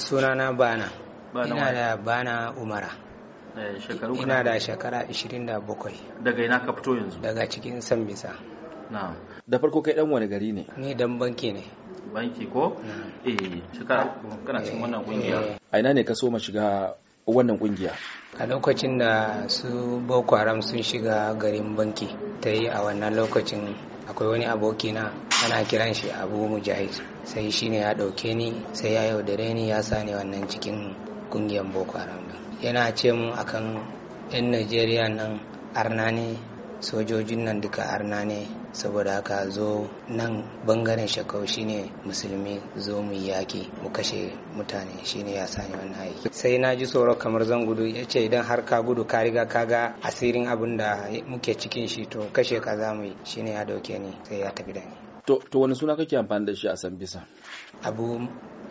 sunana bana ina da bana umara eh, ina da shekara 27 daga ina ka fito yanzu daga cikin san sambisa da farko kai dan wani gari ne ni dan banki ne banki ko eh shekara kana cikin wannan kungiya eh, eh. a ina ne ka so ma shiga wannan kungiya a lokacin da su boko haram sun shiga garin banki ta yi a wannan lokacin akwai wani abokina ana kiran shi abu mujahid sai shi ne ya ɗauke ni sai ya yaudare ni ya sa ni wannan cikin kungiyar boko haram yana ce mu akan 'yan najeriya nan arna ne sojojin nan duka arna ne saboda haka zo nan bangaren shakau shine musulmi zo mu yaki mu kashe mutane shine ya sani wannan aiki sai na ji tsoro kamar zan gudu ya ce idan har ka gudu ka riga ka ga asirin abin da muke cikin shi to kashe ka za mu yi shine ya dauke ni sai ya tafi da ni to wani suna kake amfani da shi a sambisa abu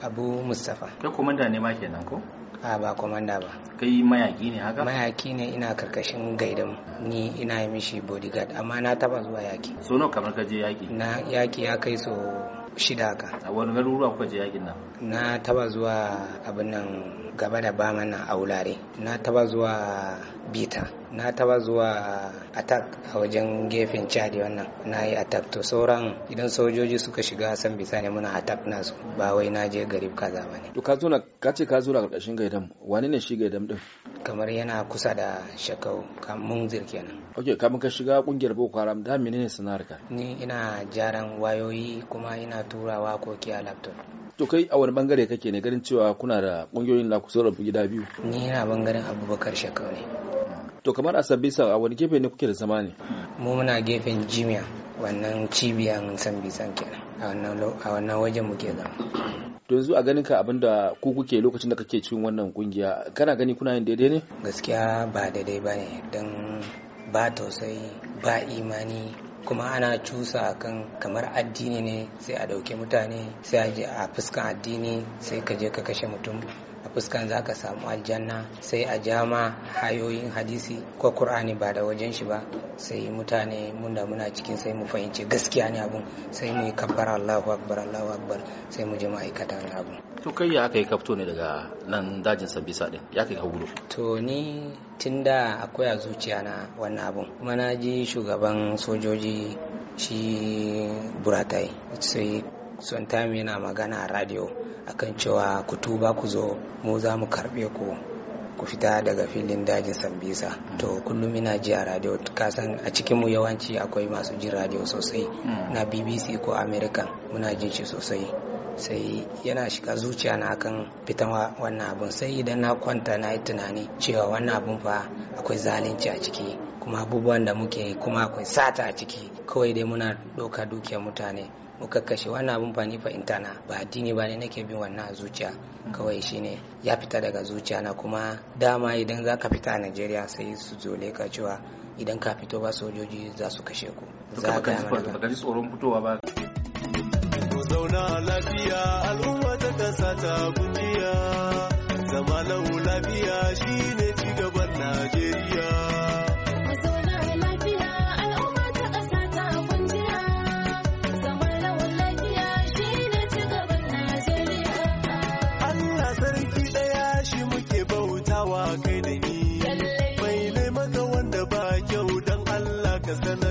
abu mustapha kai komanda ne ma kenan ko a ba komanda ba kai mayaki ne haka mayaki ne ina karkashin gaidan ni ina yi mishi bodyguard amma na taba zuwa yaki so nawa kamar ka je yaki na yaki ya kai so shida ka. a wani garuruwa kuka je yakin nan na taba zuwa abin nan gaba da bama nan a wulare na taba zuwa bita na taba zuwa attack a wajen gefen chadi wannan na yi attack to sauran idan sojoji suka shiga san bisa ne muna attack nasu ba wai na je garib kaza ba ne to ka zo na ka ce ka zo na karkashin gaidan. wani ne shi gaidam din kamar yana kusa da shakau mun kenan. ok kamun ka shiga kungiyar boko haram da menene sana'ar ka ni ina jaran wayoyi kuma ina turawa koki a laptop to kai a wani bangare kake ne ganin cewa kuna da kungiyoyin na kusa gida biyu ni ina bangaren abubakar shakau ne to kamar a sambisa a wani gefe ne kuke da zama ne mu muna gefen jimiya wannan cibiyan sambisan kenan a wannan wajen muke zama. to yanzu a ganin ka abinda ku kuke lokacin da kake cikin wannan kungiya kana gani kuna yin daidai ne gaskiya ba daidai ba ne don ba tausayi ba imani kuma ana cusa kan kamar addini ne sai a ɗauki mutane sai a je a fuskan addini sai ka je ka kashe mutum a fuskan za ka samu aljanna sai a jama hayoyin hadisi ko kur'ani ba da wajen shi ba sai mutane munda muna cikin sai mu fahimci gaskiya ne abun sai mu yi kabbar allahu akbar allahu akbar sai mu je ma'aikatan abun to kai ya aka yi kafto ne daga nan dajin sambisa din ya kai hagu to ni tunda da akwai a zuciya na wannan abun kuma na ji shugaban sojoji shi shi buratai sai son time yana magana a radio akan cewa ku tuba ku zo mu za mu karbe ku ku fita daga filin dajin sambisa to kullum ina ji a radio kasan a cikin mu yawanci akwai masu jin radio sosai hmm. na bbc ko american muna jin shi sosai sai yana shiga zuciya na kan fitan wannan abun sai idan na kwanta na yi tunani cewa wannan abun fa akwai zalunci a ciki kuma abubuwan da muke kuma akwai sata a ciki kawai dai muna ɗauka dukiyar mutane mu kakkashe wannan abin ba ni fahimta na ba addini ba ne nake bin wannan zuciya kawai shine ya fita daga zuciya na kuma dama idan za ka fita a Najeriya sai su zole ka cewa idan ka fito ba sojoji za su kashe ku za ka ji tsoron fitowa ba zauna lafiya al'umma ta kasa ta kujiya zama lafiya shine Cause then